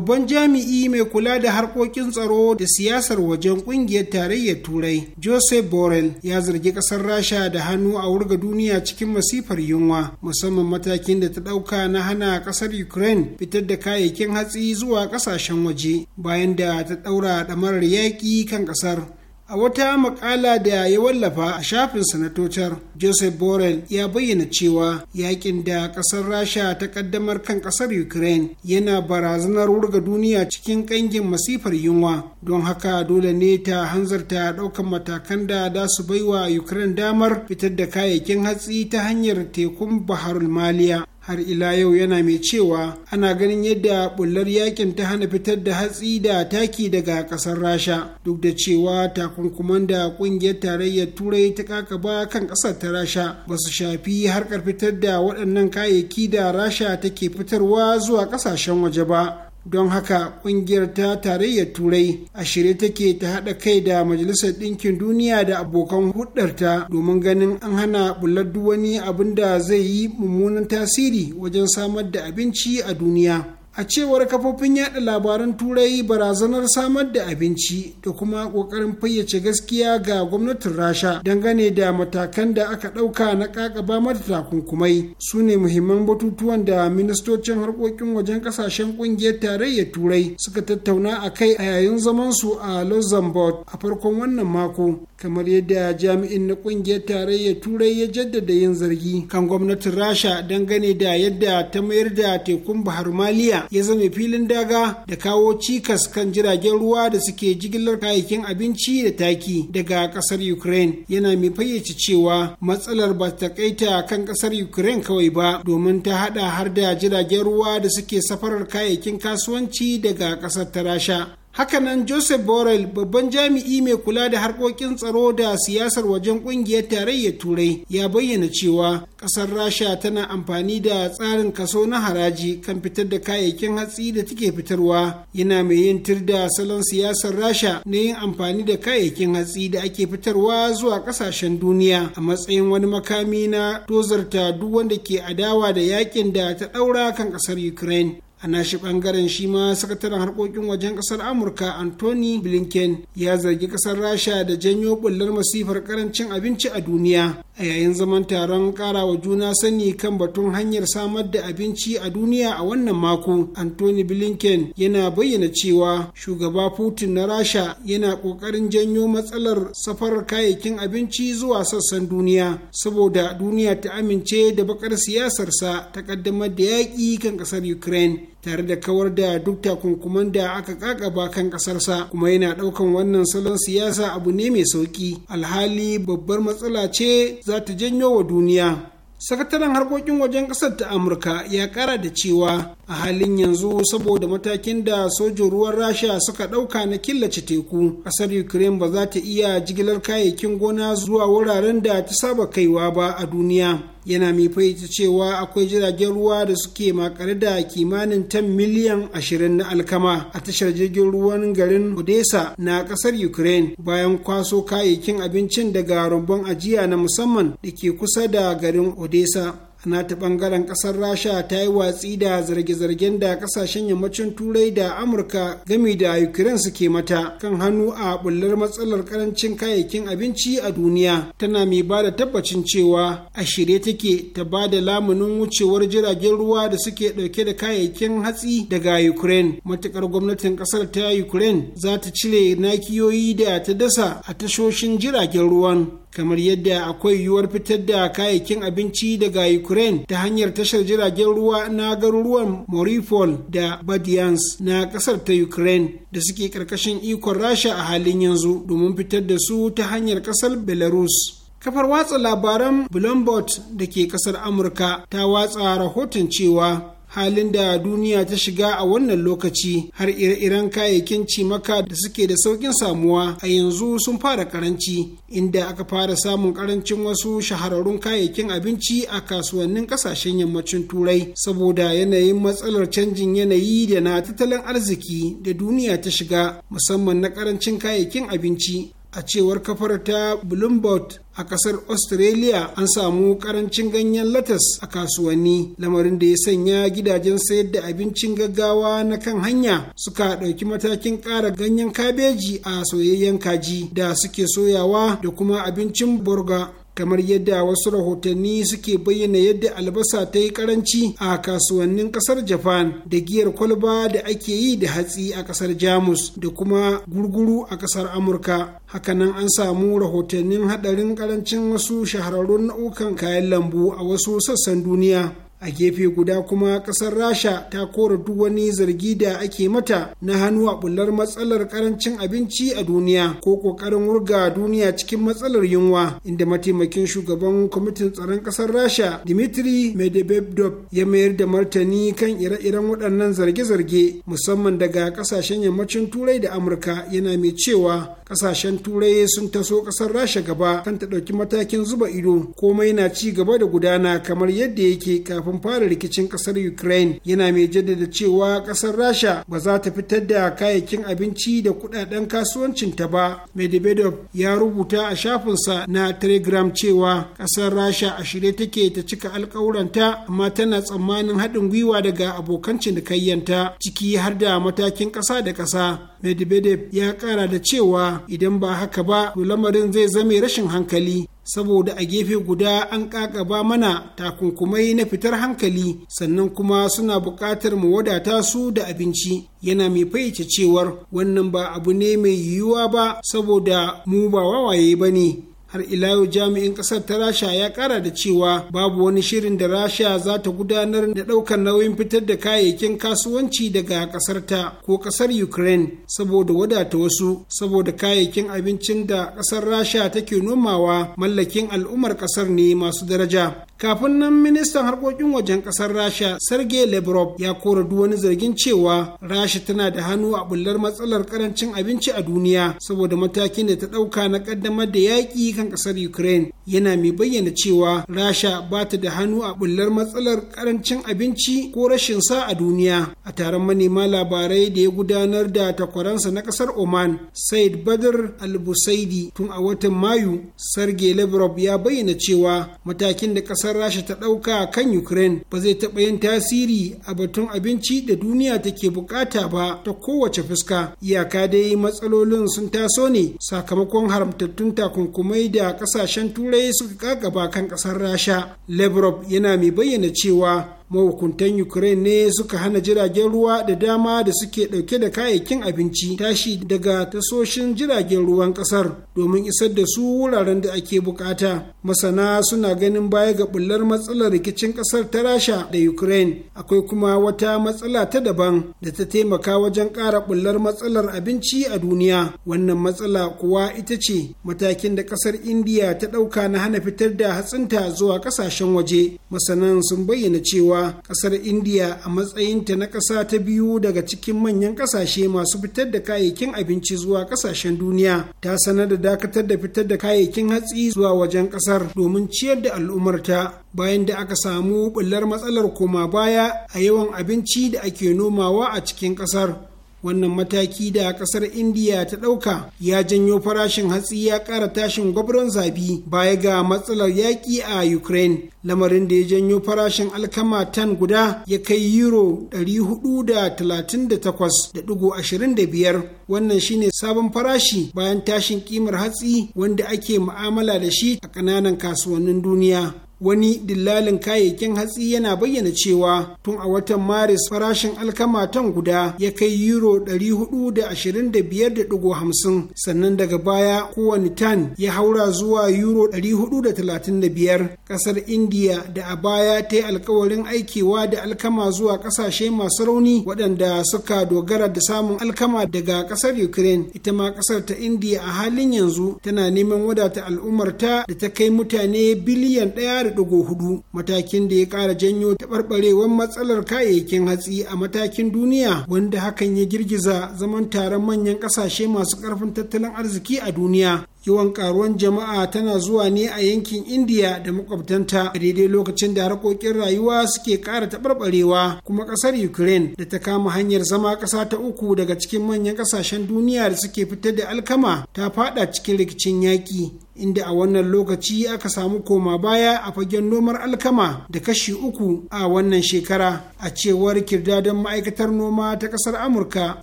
babban jami'i mai kula da harkokin tsaro da siyasar wajen kungiyar tarayyar turai joseph borrell ya zargi kasar rasha da hannu a wurga duniya cikin masifar yunwa musamman matakin da ta ɗauka na hana kasar ukraine fitar da kayayyakin hatsi zuwa kasashen waje bayan da ta ɗaura damarar yaƙi kan kasar A wata makala da ya wallafa a shafin sanatocar Joseph Borrell ya bayyana cewa yakin da ƙasar Rasha ta ƙaddamar kan ƙasar Ukraine yana barazanar wurga duniya cikin ƙangin masifar yunwa, don haka dole ne ta hanzarta ɗaukar matakan da za su baiwa Ukraine damar fitar da kayayyakin hatsi ta hanyar tekun bahar Maliya. har ila yau yana mai cewa ana ganin yadda bullar yakin ta hana fitar da hatsi da taki daga kasar rasha duk da cewa takunkuman da kungiyar tarayyar turai ta kakaba kan kasar ta rasha ba su shafi harkar fitar da waɗannan kayayyaki da rasha take fitarwa zuwa ƙasashen waje ba don haka kungiyar ta tarayyar turai a shirye take ta haɗa kai da majalisar ɗinkin duniya da abokan hudarta domin ganin an hana bullar wani abin da zai yi mummunan tasiri wajen samar da abinci a duniya a cewar kafofin yada labaran turai barazanar samar da abinci da kuma kokarin fayyace gaskiya ga gwamnatin rasha dangane da matakan da aka ɗauka na kakaba mata takunkumai su ne muhimman batutuwan da ministocin harkokin wajen kasashen kungiyar tarayyar turai suka tattauna a kai a yayin zamansu a luxembourg a farkon wannan mako kamar yadda jami'in na kungiyar tarayyar turai ya jaddada yin zargi kan gwamnatin rasha dangane da yadda ta mayar da tekun bahar maliya ya zama filin daga da kawo cikas kan jiragen ruwa da suke jigilar kayayyakin abinci da taki daga kasar ukraine yana mai fayyace cewa matsalar ba ta kaita kan kasar ukraine kawai ba domin ta hada har da jiragen ruwa da suke safarar kayayyakin kasuwanci daga kasar ta rasha Hakanan Joseph Borrell babban jami'i mai kula da harkokin tsaro da siyasar wajen kungiyar tarayyar Turai ya bayyana cewa kasar Rasha tana amfani da tsarin kaso na haraji kan fitar da kayayyakin hatsi da take fitarwa yana mai yin tir da salon siyasar Rasha na yin amfani da kayayyakin hatsi da ake fitarwa zuwa kasashen duniya a matsayin wani makami na dozarta duk wanda ke adawa da yakin da ta daura kan kasar Ukraine. a nashi bangaren shi ma sakataren harkokin wajen kasar amurka anthony blinken ya zargi kasar rasha da janyo bullar masifar karancin abinci a duniya a yayin zaman taron karawa juna sani kan batun hanyar samar da abinci a duniya a wannan mako anthony blinken yana bayyana cewa shugaba putin na rasha yana kokarin janyo matsalar safarar kayayyakin abinci zuwa sassan duniya saboda duniya ta amince da bakar siyasarsa ta kaddamar da yaƙi kan ƙasar ukraine tare da kawar da duk takunkuman da aka kakaba kan kasarsa kuma yana daukan wannan salon siyasa abu ne mai sauki alhali babbar matsala ce za ta janyo wa duniya sakataren harkokin wajen kasar ta amurka ya kara da cewa a halin yanzu saboda matakin da sojin ruwan rasha suka ɗauka na killace teku ƙasar ukraine ba za ta iya jigilar kayayyakin gona zuwa wuraren da ta saba kaiwa ba a duniya yana mai fahimta cewa akwai jiragen ruwa da suke makare da kimanin tan miliyan ashirin na alkama a tashar jirgin ruwan garin odessa na kasar ukraine bayan kwaso kayayyakin abincin daga rumbun ajiya na musamman da ke kusa da garin odessa nata ta bangaren kasar rasha ta yi watsi da zarge-zargen da kasashen yammacin turai da amurka gami da ukraine suke mata kan hannu a bullar matsalar karancin kayayyakin abinci a duniya tana mai ba da tabbacin cewa a shirye take ta ba da lamunin wucewar jiragen ruwa da suke dauke da kayayyakin hatsi daga ukraine matukar gwamnatin kasar ta ukraine za ta cire nakiyoyi da ta dasa a tashoshin jiragen ruwan kamar yadda akwai yiwuwar fitar da kayayyakin abinci daga ukraine ta hanyar tashar jiragen ruwa na garuruwan moripol da badians na kasar ta ukraine da suke karkashin ikon rasha a halin yanzu domin fitar da su ta hanyar kasar belarus kafar watsa labaran bloomberg da ke kasar amurka ta watsa rahoton cewa halin da duniya ta shiga a wannan lokaci har ire-iren kayayyakin cimaka da suke da saukin samuwa a yanzu sun fara karanci inda aka fara samun karancin wasu shahararrun kayayyakin abinci a kasuwannin kasashen yammacin turai saboda yanayin matsalar canjin yanayi da na tattalin arziki da duniya ta shiga musamman na karancin kayayyakin abinci a cewar kafar ta bloomberg a kasar australia an samu karancin ganyen latas a kasuwanni lamarin da ya sanya gidajen sayar da abincin gaggawa na kan hanya suka ɗauki matakin ƙara ganyen kabeji a soyayyen kaji da suke soyawa da kuma abincin burga kamar yadda wasu rahotanni suke bayyana yadda albasa ta yi karanci a kasuwannin kasar japan da giyar kwalba da ake yi da hatsi a kasar jamus da kuma gurguru a kasar amurka hakanan an samu rahotannin hadarin karancin wasu shahararrun nau'ukan kayan lambu a wasu sassan duniya a gefe guda kuma ƙasar rasha ta kora duk wani zargi da ake mata na hannu a bullar matsalar karancin abinci a duniya ko ƙoƙarin wurga duniya cikin matsalar yunwa inda mataimakin shugaban kwamitin tsaron ƙasar rasha dimitri medvedev ya mayar da martani kan ire-iren waɗannan zarge-zarge musamman daga ƙasashen yammacin turai da amurka yana mai cewa ƙasashen turai sun taso ƙasar rasha gaba kan ta ɗauki matakin zuba ido komai na ci gaba da gudana kamar yadda yake kafin kafin fara rikicin kasar ukraine yana mai jaddada cewa kasar rasha ba za ta fitar da kayayyakin abinci da kudaden kasuwancinta ba medvedev ya rubuta a shafinsa na telegram cewa kasar rasha a shirye take ta cika alkawuranta amma tana tsammanin haɗin gwiwa daga abokan cinikayyanta ciki har da matakin ƙasa da ƙasa medvedev ya ƙara da cewa idan ba haka ba to lamarin zai zame rashin hankali saboda a gefe guda an ƙaƙaba mana takunkumai na fitar hankali sannan kuma suna buƙatar mu wadata su da abinci yana mai fayyace cewar wannan ba abu ne mai yiwuwa ba saboda mu ba wawaye ba ne har ila yau jami'in kasar ta rasha ya kara da cewa babu wani shirin da rasha za ta gudanar da ɗaukar nauyin fitar da kayayyakin kasuwanci daga kasar ta ko kasar ukraine saboda wadata wasu saboda kayayyakin abincin da kasar rasha take nomawa mallakin al'ummar kasar ne masu daraja kafin nan ministan harkokin wajen kasar rasha sergei lavrov ya kora wani zargin cewa rasha tana da hannu a bullar matsalar karancin abinci a duniya saboda matakin da ta ɗauka na ƙaddamar da yaƙi kan ƙasar ukraine yana mai bayyana cewa rasha ba ta da hannu a bullar matsalar karancin abinci ko rashin sa a duniya a taron manema labarai da ya gudanar da takwaransa na kasar oman said badr al-busaidi tun a watan mayu sergei lavrov ya bayyana cewa matakin da kasar rasha ta ɗauka kan ukraine ba zai taɓa yin tasiri a batun abinci da duniya take bukata ba ta kowace fuska iyaka dai matsalolin sun taso ne sakamakon haramtattun takunkumai da kasashen turai kaɗai suka kakaba kan ƙasar rasha lebrov yana mai bayyana cewa mahukuntan ukraine ne suka hana jiragen ruwa da dama da suke dauke da kayayyakin abinci tashi daga tasoshin jiragen ruwan kasar domin isar da su wuraren da ake bukata masana suna ganin baya ga bullar matsalar rikicin kasar ta rasha da ukraine akwai kuma wata matsala ta daban da ta taimaka wajen ƙara bullar matsalar abinci a duniya wannan matsala kuwa ita ce matakin da ƙasar indiya ta ɗauka na hana fitar da hatsinta zuwa ƙasashen waje masanan sun bayyana cewa cewa kasar indiya a matsayinta na ƙasa ta biyu daga cikin manyan ƙasashe masu fitar da kayayyakin abinci zuwa ƙasashen duniya ta sanar da dakatar da fitar da kayayyakin hatsi zuwa wajen ƙasar domin ciyar da al'ummarta bayan da aka samu bullar matsalar koma baya a yawan abinci da ake nomawa a cikin ƙasar wannan mataki da kasar indiya ta ɗauka ya janyo farashin hatsi ya ƙara tashin gwabron zabi baya ga matsalar yaƙi a ukraine lamarin da ya janyo farashin alkama tan guda ya kai euro 438.25 wannan shine sabon farashi bayan tashin ƙimar hatsi wanda ake mu'amala da shi a ƙananan kasuwannin duniya wani dillalin kayayyakin hatsi yana bayyana cewa tun a watan maris farashin alkama tan guda ya kai euro 425.50 sannan daga baya kowane tan ya haura zuwa euro 435 kasar india da a baya ta yi alkawarin aikewa da alkama zuwa kasashe masu rauni waɗanda suka dogara da samun alkama daga kasar ukraine ita ma kasar ta india a halin yanzu tana neman wadata al'ummarta da ta kai mutane biliyan ɗaya hudu matakin da ya ƙara janyo taɓarɓarewar matsalar kayayyakin hatsi a matakin duniya wanda hakan ya girgiza zaman taron manyan ƙasashe masu ƙarfin tattalin arziki a duniya yawan karuwan jama'a tana zuwa ne a yankin indiya da makwabtanta a daidai lokacin da harkokin rayuwa suke ƙara taɓarɓarewa kuma ƙasar ukraine da ta kama hanyar zama ƙasa ta uku daga cikin manyan ƙasashen duniya da suke fitar da alkama ta faɗa cikin rikicin yaƙi inda a wannan lokaci aka samu koma baya a fagen nomar alkama da kashi uku a wannan shekara a cewar kirdadan ma'aikatar noma ta ƙasar amurka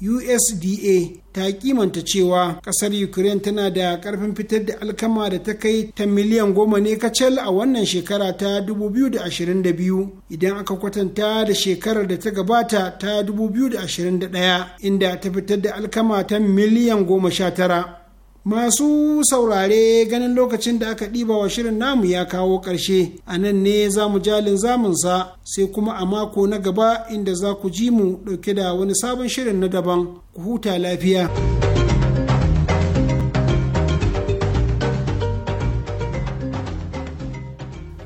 usda ta kimanta cewa kasar ukraine tana da karfin fitar da alkama da ta kai ta miliyan goma ne kacal a wannan shekara ta 2022 idan aka kwatanta da shekarar da ta gabata ta 2021 inda ta fitar da alkama ta miliyan goma sha tara Masu saurare ganin lokacin da aka ɗiba wa shirin namu ya kawo ƙarshe, a nan ne za mu jalin zamunsa sai kuma a mako na gaba inda za ku ji mu ɗauke da wani sabon shirin na daban ku huta lafiya.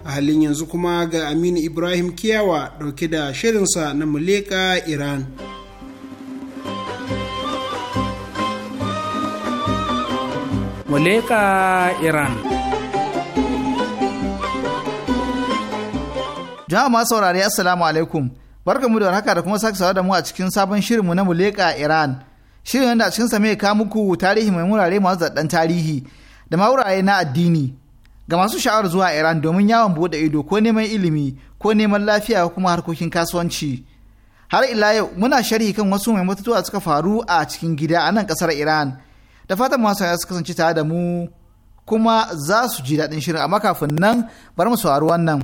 A halin yanzu kuma ga Aminu Ibrahim Kiyawa ɗauke da shirinsa na Muleka Iran. Moleka Iran. Jama'a masu saurari Assalamu alaikum. barka Barkamu da haka da kuma sake da mu a cikin sabon shirinmu na Muleka Iran. Shirin yadda a cikin sa ka muku tarihi mai wurare masu zaɗan tarihi da ma wurare na addini. Ga masu sha'awar zuwa Iran domin yawon buɗe ido ko neman ilimi ko neman lafiya ko kuma harkokin kasuwanci. Har ila yau muna sharhi kan wasu mai mutuwa suka faru a cikin gida a nan ƙasar Iran. da fatan masu ya su kasance tare da mu kuma za su ji daɗin shirin amma kafin nan bari mu saurari wannan.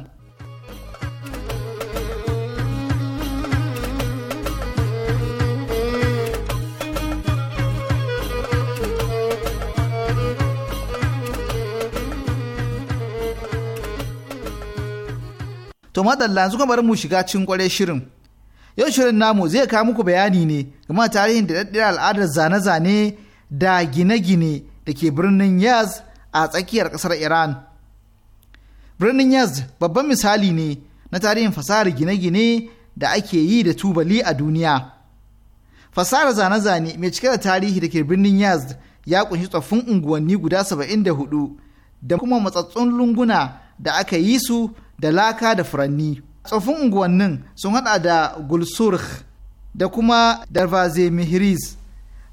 To madalla yanzu bari mu shiga cikin kwarai shirin. Yau shirin namu zai kawo muku bayani ne game tarihin da daɗaɗɗiyar al'adar zane-zane da gine-gine da ke birnin Yaz a tsakiyar ƙasar Iran. Birnin Yaz babban misali ne na tarihin fasahar gine-gine da ake yi da tubali a duniya. Fasahar zane-zane mai cike da tarihi da ke birnin Yaz ya kunshi tsoffin unguwanni guda saba'in da hudu, kuma matsatsun lunguna da aka yi su da laka da furanni. Tsoffin unguwannin sun hada da Gulsurh da kuma Darvaze Mihriz,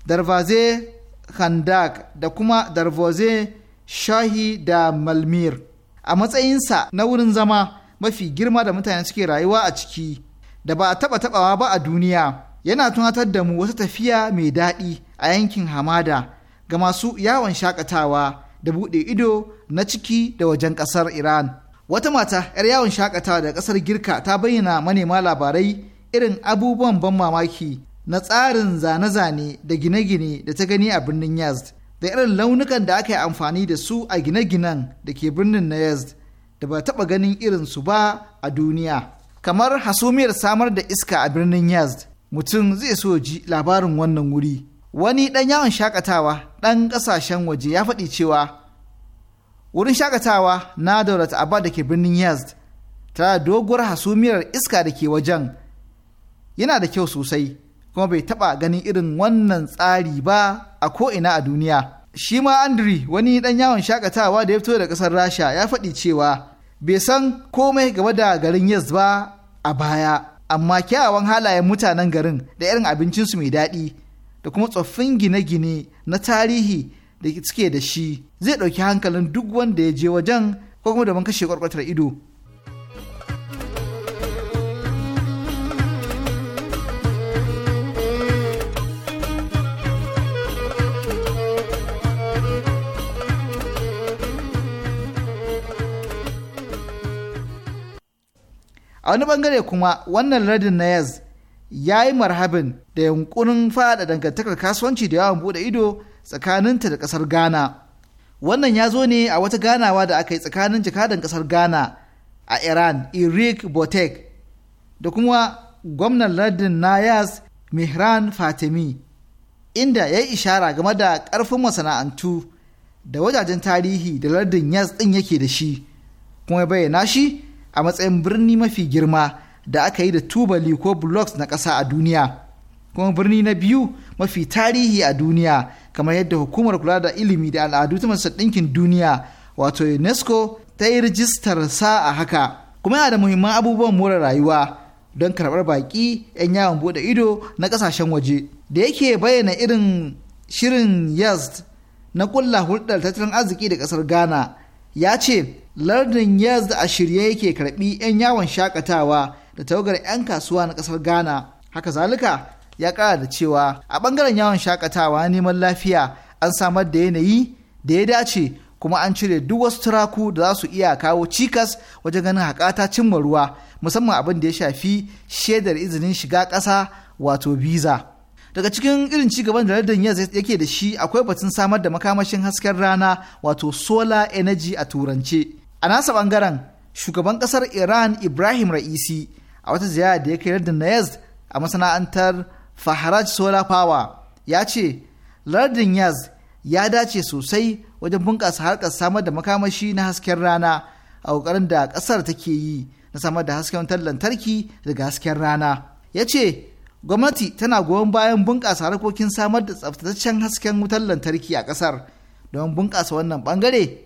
Darvaze khandak da kuma darvoze shahi da malmir a matsayinsa na wurin zama mafi girma da mutane suke rayuwa a ciki da ba a taba tabawa ba a duniya yana tunatar da mu wata tafiya mai daɗi a yankin hamada ga masu yawon shakatawa da buɗe ido na ciki da wajen ƙasar iran wata mata 'yar yawon shakatawa da ƙasar girka ta bayyana manema labarai irin abubuwan ban mamaki na tsarin zane-zane da gine-gine da ta gani a birnin Yazd da irin launukan da aka yi amfani da su a gine-ginen da ke birnin na Yazd da ba taɓa ganin irinsu ba a duniya. Kamar hasumiyar samar da iska a birnin Yazd, mutum zai so ji labarin wannan wuri. Wani ɗan yawon shakatawa ɗan ƙasashen waje ya faɗi cewa wurin shakatawa na Daulat Abba da ke birnin Yazd tare doguwar hasumiyar iska da ke wajen yana da kyau sosai. kuma bai taɓa ganin irin wannan tsari ba a ko'ina a duniya. Shi ma Andri wani ɗan yawon shakatawa da ya fito da ƙasar Rasha ya faɗi cewa bai san komai game da garin Yes ba a baya, amma kyawawan halayen mutanen garin da irin abincinsu mai daɗi da kuma tsoffin gine-gine na tarihi da suke da shi zai ɗauki hankalin duk wanda ya je wajen ko kuma domin kashe kwarkwatar ido. a wani bangare kuma wannan lardin na yaz ya yi marhabin da yankunan fada dangantakar kasuwanci da yawon bude ido tsakaninta da kasar ghana wannan ya zo ne a wata ganawa da aka yi tsakanin jakadan kasar ghana a iran irik botek da kuma gwamnan lardin na yaz mihran fatimi inda ya yi ishara game da ƙarfin masana'antu da wajajen tarihi da lardin yaz ɗin yake da shi kuma bayyana shi a matsayin birni mafi girma da aka yi da tubali ko blocks na ƙasa a duniya kuma birni na biyu mafi tarihi a duniya kamar yadda hukumar kula da ilimi da al'adu ta masar ɗinkin duniya wato unesco ta yi rijistar sa a haka kuma yana da muhimman abubuwan more rayuwa don karɓar baƙi 'yan yawon buɗe ido na ƙasashen waje da yake bayyana irin shirin yazd na kulla hulɗar tattalin arziki da ƙasar ghana ya ce lardin da a shirye yake karbi 'yan yawon shakatawa da tawagar 'yan kasuwa na kasar ghana haka zalika ya kara da cewa a bangaren yawon shakatawa neman lafiya an samar da yanayi da ya dace kuma an cire duk wasu turaku da za su iya kawo cikas wajen ganin haƙata cimma ruwa musamman abin da ya shafi shaidar izinin shiga ƙasa wato visa. daga cikin irin ci gaban da lardin yake da shi akwai batun samar da makamashin hasken rana wato solar energy a turance a nasa bangaren shugaban kasar iran ibrahim ra'isi a wata ziyara da ya kai lardin nayaz a masana'antar faharaj solar power ya ce lardin yaz ya dace sosai wajen bunƙasa harkar samar da makamashi na hasken rana a ƙoƙarin da ƙasar take yi na samar da hasken wutar lantarki daga hasken rana ya ce gwamnati tana goyon bayan bunƙasa harkokin samar da tsaftataccen hasken wutar lantarki a ƙasar don bunƙasa wannan ɓangare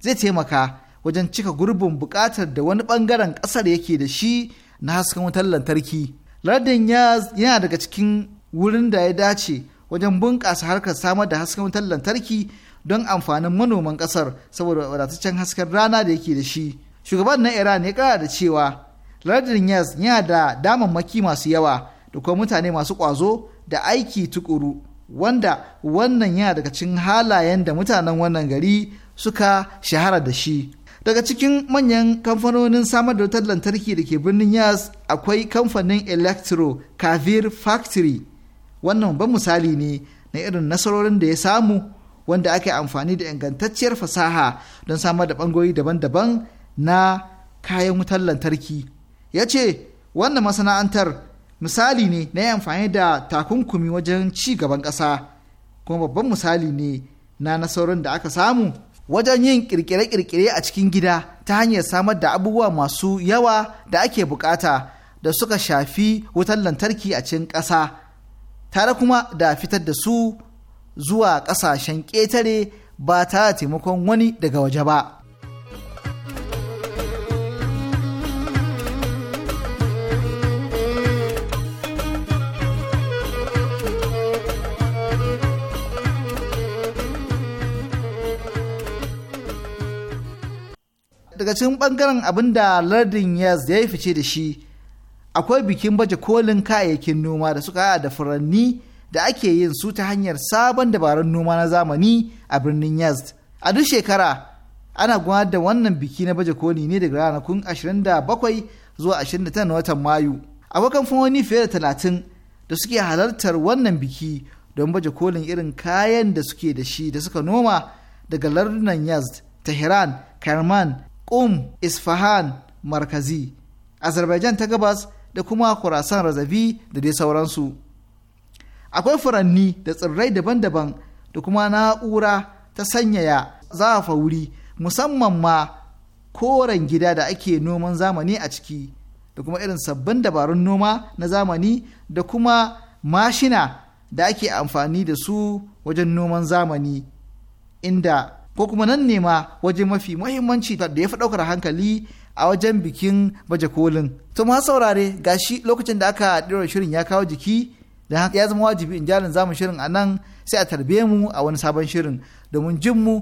zai taimaka wajen cika gurbin buƙatar da wani ɓangaren ƙasar yake da shi na hasken wutar lantarki lardin yana daga cikin wurin da ya dace wajen bunƙasa harkar samar da hasken wutar lantarki don amfanin manoman ƙasar saboda wadataccen hasken rana da yake da shi shugaban na iran ya kara da cewa lardin yas yana da damammaki masu yawa da kuma mutane masu ƙwazo da aiki tukuru wanda wannan yana daga cikin halayen da mutanen wannan gari suka shahara da shi daga cikin manyan kamfanonin samar da wutar lantarki da ke birnin yas akwai kamfanin electro kavir factory wannan ban misali ne na irin nasarorin da ya samu wanda aka amfani da ingantacciyar fasaha don samar da bangoyi daban-daban na kayan wutar lantarki ya ce wannan masana'antar misali ne na yi amfani da takunkumi wajen ci gaban ƙasa kuma babban misali ne na nasarorin da aka samu wajen yin kirkire-kirkire a cikin gida ta hanyar samar da abubuwa masu yawa da ake bukata da suka shafi wutar lantarki a cikin ƙasa tare kuma da fitar da su zuwa ƙasashen ƙetare ba tare da taimakon wani daga waje ba. daga cikin bangaren abin da lardin yaz ya yi fice da shi akwai bikin baje kolin kayayyakin noma da suka haɗa da furanni da ake yin su ta hanyar sabon dabarun noma na zamani a birnin yaz a duk shekara ana gudanar da wannan biki na baje koli ne daga ranakun 27 zuwa 29 na watan mayu akwai kamfanoni fiye da 30 da suke halartar wannan biki don baje kolin irin kayan da suke da shi da suka noma daga lardunan yazd tehran karman ƙum isfahan markazi azerbaijan ta gabas da kuma kurasan razabi da dai sauransu akwai furanni da tsirrai daban-daban da kuma na'ura ta sanyaya zafa wuri musamman ma koren gida da ake noman zamani a ciki da kuma irin sabbin dabarun noma na zamani da kuma mashina da ake amfani da su wajen noman zamani inda ko kuma nan ne ma waje mafi muhimmanci da ya fi ɗaukar hankali a wajen bikin baje kolin. To ma saurare ga shi lokacin da aka ɗora shirin ya kawo jiki da ya zama wajibi in jalin zamu shirin a nan sai a tarbe mu a wani sabon shirin domin jin mu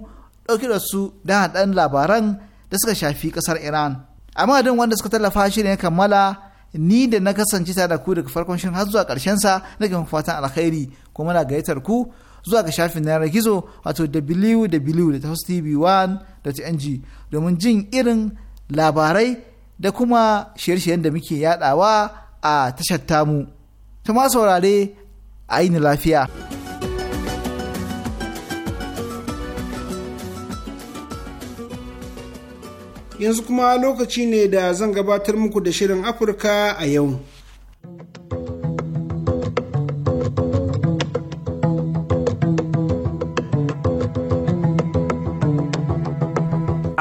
ɗauki da su da haɗan labaran da suka shafi ƙasar Iran. Amma don wanda suka tallafa shirin ya kammala ni da na kasance tare da ku daga farkon shirin har zuwa ƙarshen sa nake fatan alkhairi kuma na gayyatar ku zuwa ga shafin na yanar gizo wato www.tv1.ng domin jin irin labarai da kuma shirye-shiryen da muke yadawa a tashar tamu. Tuma saurare a yi lafiya. Yanzu kuma lokaci ne da zan gabatar muku da shirin Afirka a yau.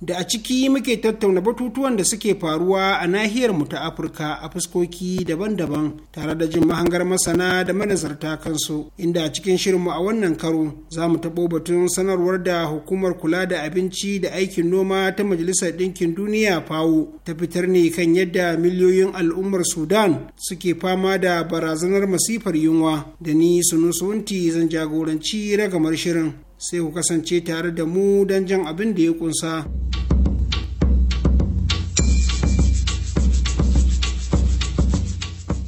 da a ciki muke tattauna batutuwan da suke faruwa a nahiyar mu ta Afirka a fuskoki daban-daban tare da jin mahangar masana da manazarta kansu inda a cikin shirinmu a wannan karo za mu taɓo batun sanarwar da hukumar kula da abinci da aikin noma ta Majalisar Ɗinkin Duniya fawo ta fitar ne kan yadda miliyoyin al'ummar Sudan suke fama da barazanar masifar yunwa da ni Sunusunti zan jagoranci ragamar shirin sai ku kasance tare da mu don jan abin da ya kunsa.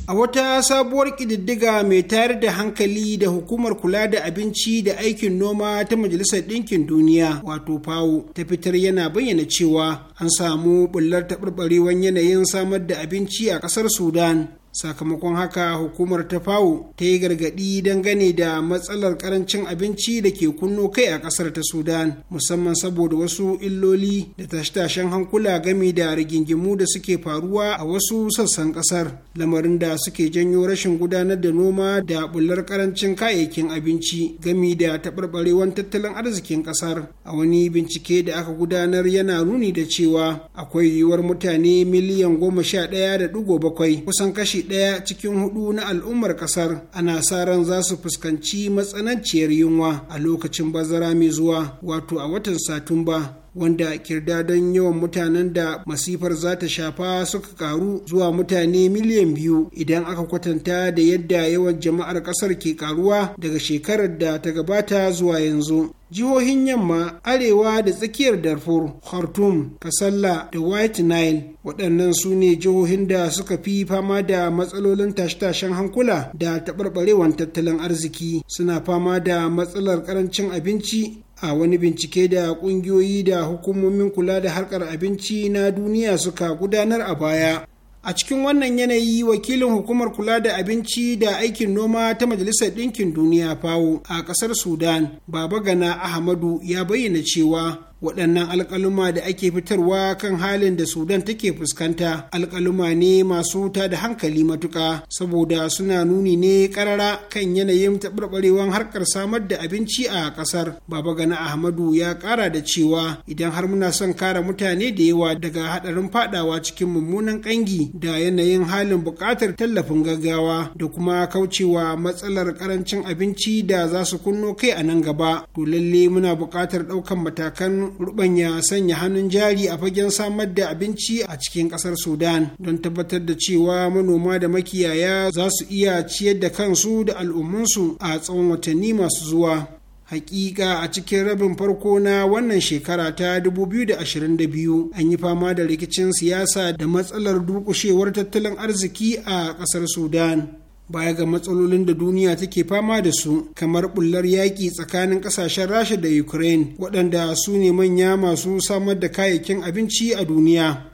a wata sabuwar ƙididdiga mai tayar da hankali da hukumar kula da abinci da aikin noma ta majalisar ɗinkin duniya wato fawo ta fitar yana bayyana cewa an samu bullar taɓarɓarewar yanayin samar da abinci a ƙasar sudan sakamakon haka hukumar ta fawo ta yi gargaɗi dangane da matsalar karancin abinci da ke kunno kai a ƙasar ta sudan musamman saboda wasu illoli da tashe-tashen hankula game da rigingimu da suke faruwa a wasu sassan ƙasar lamarin da suke janyo rashin gudanar da noma da bular karancin kayayyakin abinci game da taɓarɓarewar tattalin arzikin ƙasar a wani bincike da aka gudanar yana nuni da cewa akwai yiwuwar mutane miliyan goma sha ɗaya da ɗigo bakwai kusan kashi ɗaya cikin hudu na al'ummar ƙasar ana sa ran za su fuskanci matsananciyar yunwa a lokacin bazara mai zuwa wato a watan satumba wanda kirda don yawan mutanen da masifar za ta shafa suka karu zuwa mutane miliyan biyu idan aka kwatanta da yadda yawan jama'ar ƙasar ke karuwa daga shekarar da ta gabata zuwa yanzu jihohin yamma arewa da tsakiyar darfur khartoum kasalla da white nile waɗannan su ne jihohin da suka fi fama da matsalolin tashe-tashen hankula da taɓarɓarewar tattalin arziki suna fama da matsalar ƙarancin abinci a wani bincike da ƙungiyoyi da hukumomin kula da harkar abinci na duniya suka gudanar a baya a cikin wannan yanayi wakilin hukumar kula da abinci da aikin noma ta majalisar ɗinkin duniya fawo a ƙasar sudan baba gana ahmadu ya bayyana cewa waɗannan alƙaluma da ake fitarwa kan halin da sudan take fuskanta alƙaluma ne masu ta da hankali matuƙa saboda suna nuni ne ƙarara kan yanayin taɓarɓarewar harkar samar da abinci a ƙasar baba gana ahmadu ya ƙara da cewa idan har muna son kare mutane da yawa daga haɗarin faɗawa cikin mummunan ƙangi da yanayin halin buƙatar tallafin gaggawa da kuma kaucewa matsalar ƙarancin abinci da za su kunno kai a nan gaba to lalle muna buƙatar ɗaukan matakan rubanya sanya hannun jari a fagen samar da abinci a cikin kasar sudan don tabbatar da cewa manoma da makiyaya za su iya ciyar da kansu da al'ummansu a tsawon watanni masu zuwa hakika a cikin rabin farko na wannan shekara ta 2022 an yi fama da rikicin siyasa da matsalar durkushewar tattalin arziki a kasar sudan baya ga matsalolin da duniya take fama da su kamar bullar yaƙi tsakanin ƙasashen rasha da ukraine waɗanda su ne manya masu samar da kayayyakin abinci a duniya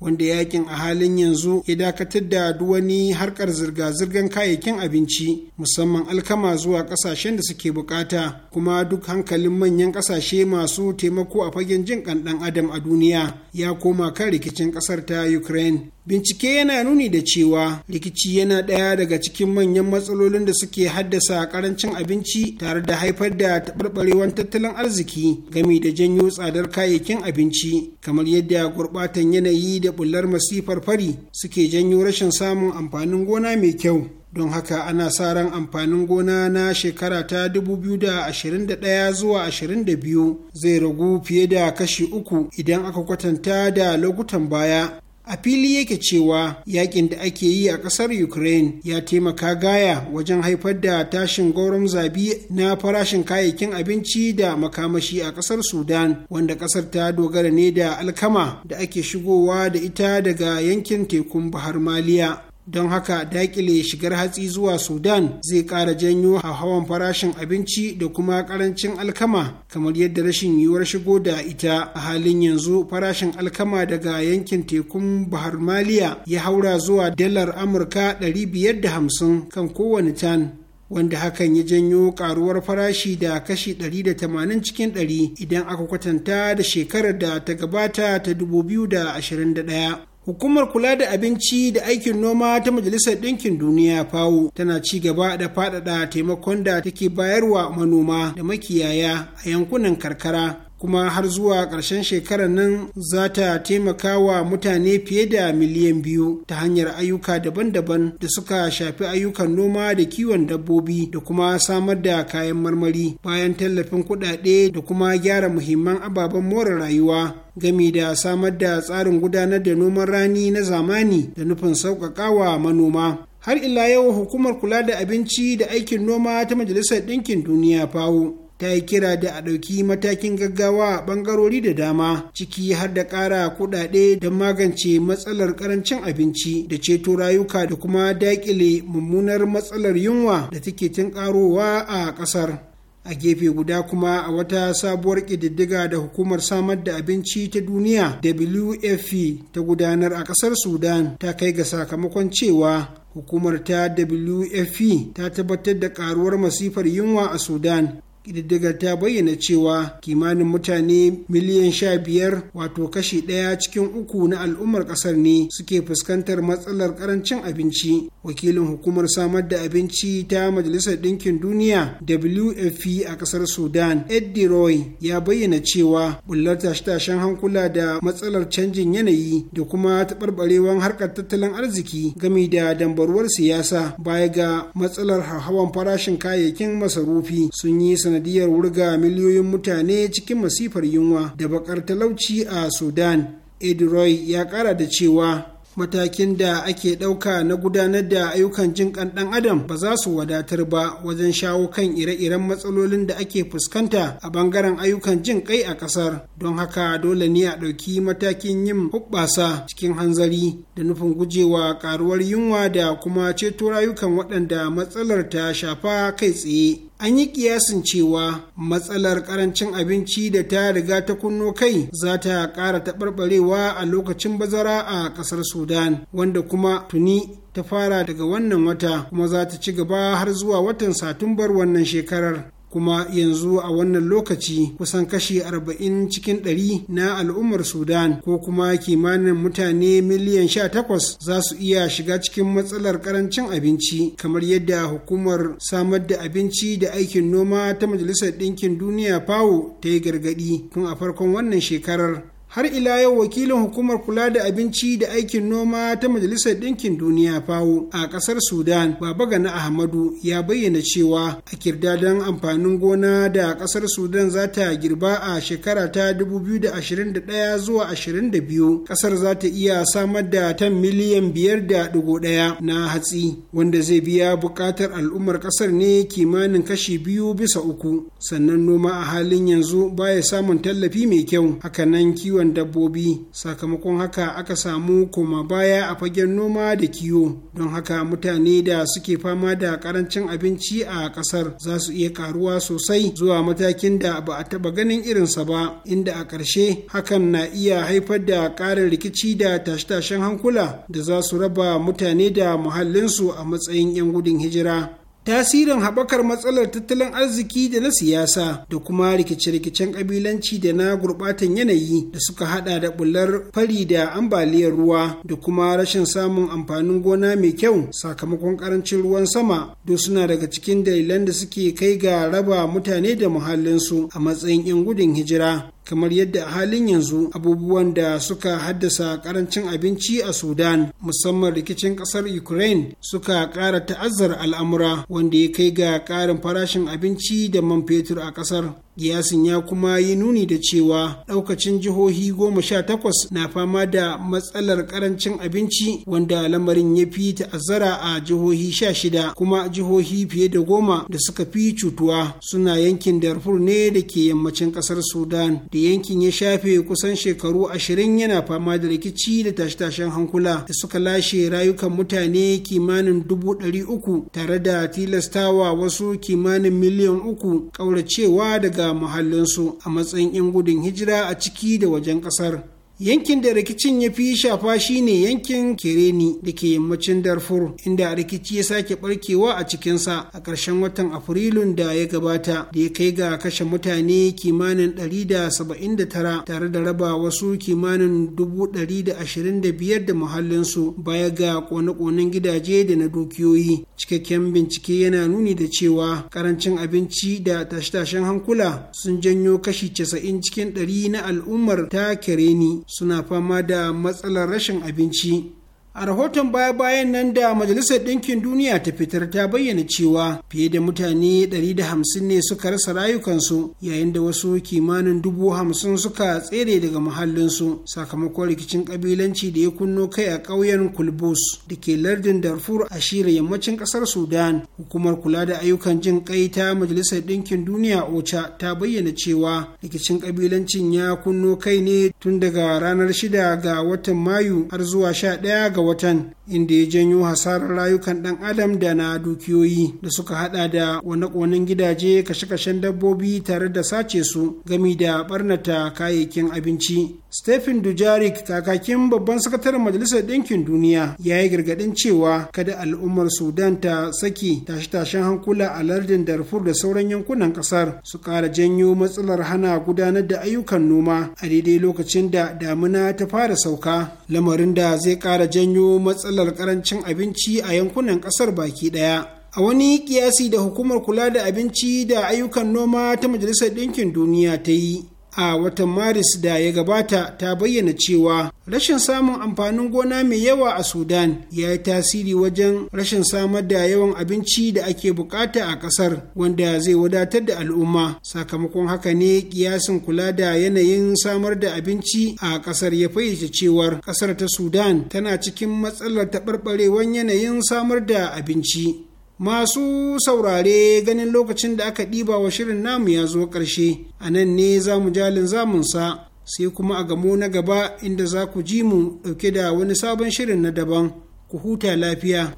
wanda yakin a halin yanzu ya dakatar da wani harkar zirga-zirgar kayayyakin abinci musamman alkama zuwa kasashen da suke bukata kuma duk hankalin manyan kasashe masu taimako a fagen jin kan adam a duniya ya koma kan rikicin ƙasar ta ukraine bincike yana nuni da cewa rikici yana ɗaya daga cikin manyan matsalolin da suke haddasa karancin abinci tare da haifar da taɓarɓarewar tattalin arziki gami da janyo tsadar kayayyakin abinci kamar yadda gurɓatan yanayi da bullar masifar fari suke janyo rashin samun amfanin gona mai kyau don haka ana sa ran amfanin gona na shekara ta 2021 zuwa 22 zai ragu fiye da kashi uku idan aka kwatanta da lokutan baya a fili yake cewa yakin da ake yi a ƙasar ukraine ya taimaka gaya wajen haifar da tashin gauron zabi na farashin kayayyakin abinci da makamashi a ƙasar sudan wanda ƙasar ta dogara ne da alkama da ake shigowa da ita daga yankin tekun bahar maliya don haka dakile shigar hatsi zuwa sudan zai ƙara janyo hauhawan farashin abinci da kuma ƙarancin alkama kamar yadda rashin yiwuwar shigo da ita a halin yanzu farashin alkama daga yankin tekun bahar maliya ya haura zuwa dalar amurka 550 kan kowane tan wanda hakan ya janyo karuwar farashi da kashi 180 cikin 100 idan aka kwatanta da shekarar da ta gabata ta 2021 Hukumar kula da abinci da aikin noma ta Majalisar Ɗinkin Duniya FAO tana ci gaba da faɗaɗa taimakon da take bayarwa manoma da makiyaya a yankunan karkara kuma har zuwa ƙarshen shekarar nan za ta taimaka wa mutane fiye da miliyan biyu ta hanyar ayyuka daban-daban da suka shafi ayyukan noma da kiwon dabbobi da kuma samar da kayan marmari bayan tallafin kuɗaɗe da kuma gyara muhimman ababen more rayuwa gami da samar da tsarin gudanar da noman rani na zamani da nufin sauƙaƙawa manoma har ila yau hukumar kula da abinci da aikin noma ta majalisar ɗinkin duniya fawo ta yi kira da a ɗauki matakin gaggawa a ɓangarori da dama ciki har da ƙara kuɗaɗe don magance matsalar ƙarancin abinci da ceto rayuka da kuma daƙile mummunar matsalar yunwa da take tunƙarowa a ƙasar a gefe guda kuma a wata sabuwar ƙididdiga da hukumar samar da abinci ta duniya wfp ta gudanar a ƙasar sudan ta kai ga sakamakon cewa hukumar ta wfp ta tabbatar da ƙaruwar masifar yunwa a sudan ƙididdigar ta bayyana cewa kimanin mutane miliyan sha biyar wato kashi ɗaya cikin uku na al'ummar ƙasar ne suke fuskantar matsalar ƙarancin abinci wakilin hukumar samar da abinci ta majalisar ɗinkin duniya wfp a ƙasar sudan eddie roy ya bayyana cewa bullar tashe-tashen hankula da matsalar canjin yanayi da kuma taɓarɓarewar harkar tattalin arziki gami da dambaruwar siyasa baya ga matsalar hauhawan farashin kayayyakin masarufi sun yi sanadiyar wurga miliyoyin mutane cikin masifar yunwa da bakar talauci a sudan edroy ya kara da cewa matakin da ake ɗauka na gudanar da ayyukan jin ƙan ɗan adam ba za su wadatar ba wajen shawo kan ire-iren matsalolin da ake fuskanta a bangaren ayyukan jin ƙai a ƙasar don haka dole ne a ɗauki matakin yin hubbasa cikin hanzari da nufin gujewa ƙaruwar yunwa da kuma ceto rayukan waɗanda matsalar ta shafa kai tsaye an yi kiyasin cewa matsalar karancin abinci da ta riga ta kunno kai za ta ƙara taɓarɓarewa a lokacin bazara a ƙasar sudan wanda kuma tuni ta fara daga wannan wata kuma za ta ci gaba har zuwa watan satumbar wannan shekarar kuma yanzu a wannan lokaci kusan kashi arba'in cikin ɗari na al'ummar sudan ko kuma kimanin mutane miliyan sha takwas za su iya shiga cikin matsalar karancin abinci kamar yadda hukumar samar da abinci da aikin noma ta majalisar ɗinkin duniya fawo ta yi gargaɗi tun a farkon wannan shekarar har ila yau wakilin hukumar kula da abinci da aikin noma ta majalisar ɗinkin duniya fawo a ƙasar sudan baba gana ahmadu ya bayyana cewa a kirdadan amfanin gona da ƙasar sudan za ta girba a shekara ta 2021 zuwa 22 ƙasar za ta iya samar da tan miliyan biyar da 5.1 na hatsi wanda zai biya buƙatar al'ummar ƙasar ne kimanin kashi biyu bisa uku sannan noma a halin yanzu baya samun tallafi mai kyau hakanan kiwo kiwon dabbobi sakamakon haka aka samu koma baya a fagen noma da kiwo don haka mutane da suke fama da karancin abinci a kasar za su iya karuwa sosai zuwa matakin da ba a taba ganin irinsa ba inda a ƙarshe hakan na iya haifar da ƙarin rikici da tashe-tashen hankula da za su raba mutane da muhallinsu a matsayin 'yan gudun hijira tasirin haɓakar matsalar tattalin arziki da na siyasa da kuma rikice-rikicen ƙabilanci da na gurɓatan yanayi da suka haɗa da bular fari da ambaliyar ruwa da kuma rashin samun amfanin gona mai kyau sakamakon ƙarancin ruwan sama duk suna daga cikin dalilan da suke kai ga raba mutane da muhallinsu a matsayin 'yan gudun hijira kamar yadda a halin yanzu abubuwan da suka haddasa karancin abinci a sudan musamman rikicin kasar ukraine suka kara ta'azzar al'amura wanda ya kai ga karin farashin abinci da man fetur a kasar Giyasin ya kuma yi nuni da cewa ɗaukacin jihohi goma sha takwas na fama da matsalar ƙarancin abinci wanda lamarin ya fi ta'azzara a jihohi sha shida kuma jihohi fiye da goma da suka fi cutuwa suna yankin Darfur ne da ke yammacin ƙasar Sudan da yankin ya shafe kusan shekaru ashirin yana fama da rikici da tashe-tashen hankula da suka lashe rayukan mutane kimanin dubu ɗari uku tare da tilastawa wasu kimanin miliyan uku ƙauracewa daga muhallinsu a matsayin 'yan gudun hijira a ciki da wajen ƙasar yankin da rikicin ya fi shafa shi ne yankin kereni da ke yammacin darfur inda rikici ya sake barkewa a cikinsa a ƙarshen watan afrilun da ya gabata da ya kai ga kashe mutane kimanin 179 tare da raba wasu kimanin 125 da muhallinsu baya ga kone-konen gidaje da na dukiyoyi cikakken bincike yana nuni da cewa karancin abinci da tashe-tashen hankula sun janyo kashi 90 cikin 100 na al'ummar ta kereni suna fama da matsalar rashin abinci a rahoton baya-bayan nan da majalisar ɗinkin duniya ta fitar ta bayyana cewa fiye da mutane 150 ne suka rasa rayukansu yayin da wasu kimanin dubu hamsin suka tsere daga muhallinsu sakamakon rikicin kabilanci da ya kunno kai a ƙauyen kulbus da ke lardin darfur a shirin yammacin ƙasar sudan hukumar kula da ayyukan jin ƙai ta majalisar ɗinkin duniya ocha ta bayyana cewa rikicin kabilancin ya kunno kai ne tun daga ranar shida ga watan mayu har zuwa 11 ga watan inda ya janyo hasarar rayukan ɗan adam da na dukiyoyi da suka hada da wani ƙonin gidaje kashe-kashen dabbobi tare da sace su gami da barnata kayayyakin abinci Stephen Dujarik kakakin babban sakataren Majalisar Ɗinkin Duniya ya yi gargaɗin cewa kada al'ummar Sudan ta saki tashe-tashen hankula a lardin Darfur da sauran yankunan ƙasar su ƙara janyo matsalar hana gudanar da ayyukan noma a daidai lokacin da damuna ta fara sauka lamarin da zai ƙara janyo matsalar ƙarancin abinci a yankunan ƙasar baki ɗaya. a wani kiyasi da hukumar kula da abinci da ayyukan noma ta majalisar ɗinkin duniya ta yi a watan maris da ya gabata ta bayyana cewa rashin samun amfanin gona mai yawa a sudan ya yi tasiri wajen rashin samar da yawan abinci da ake bukata a kasar wanda zai wadatar da al'umma sakamakon haka ne kiyasin kula da yanayin samar da abinci a kasar ya fayyace cewar kasar ta sudan tana cikin matsalar taɓarɓarewar yanayin samar da abinci Masu saurare ganin lokacin da aka ɗiba wa shirin namu ya zo ƙarshe, a nan ne za mu jalin zamunsa sai kuma a gamo na gaba inda za ku ji mu ɗauke da wani sabon shirin na daban, ku huta lafiya.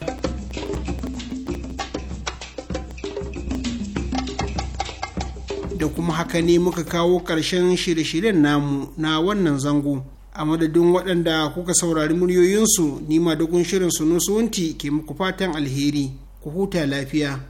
Da kuma haka ne muka kawo ƙarshen shirye-shiryen namu na wannan zango. a madadin waɗanda kuka saurari muryoyinsu nima da shirin sunusunti ke muku fatan alheri. ku huta lafiya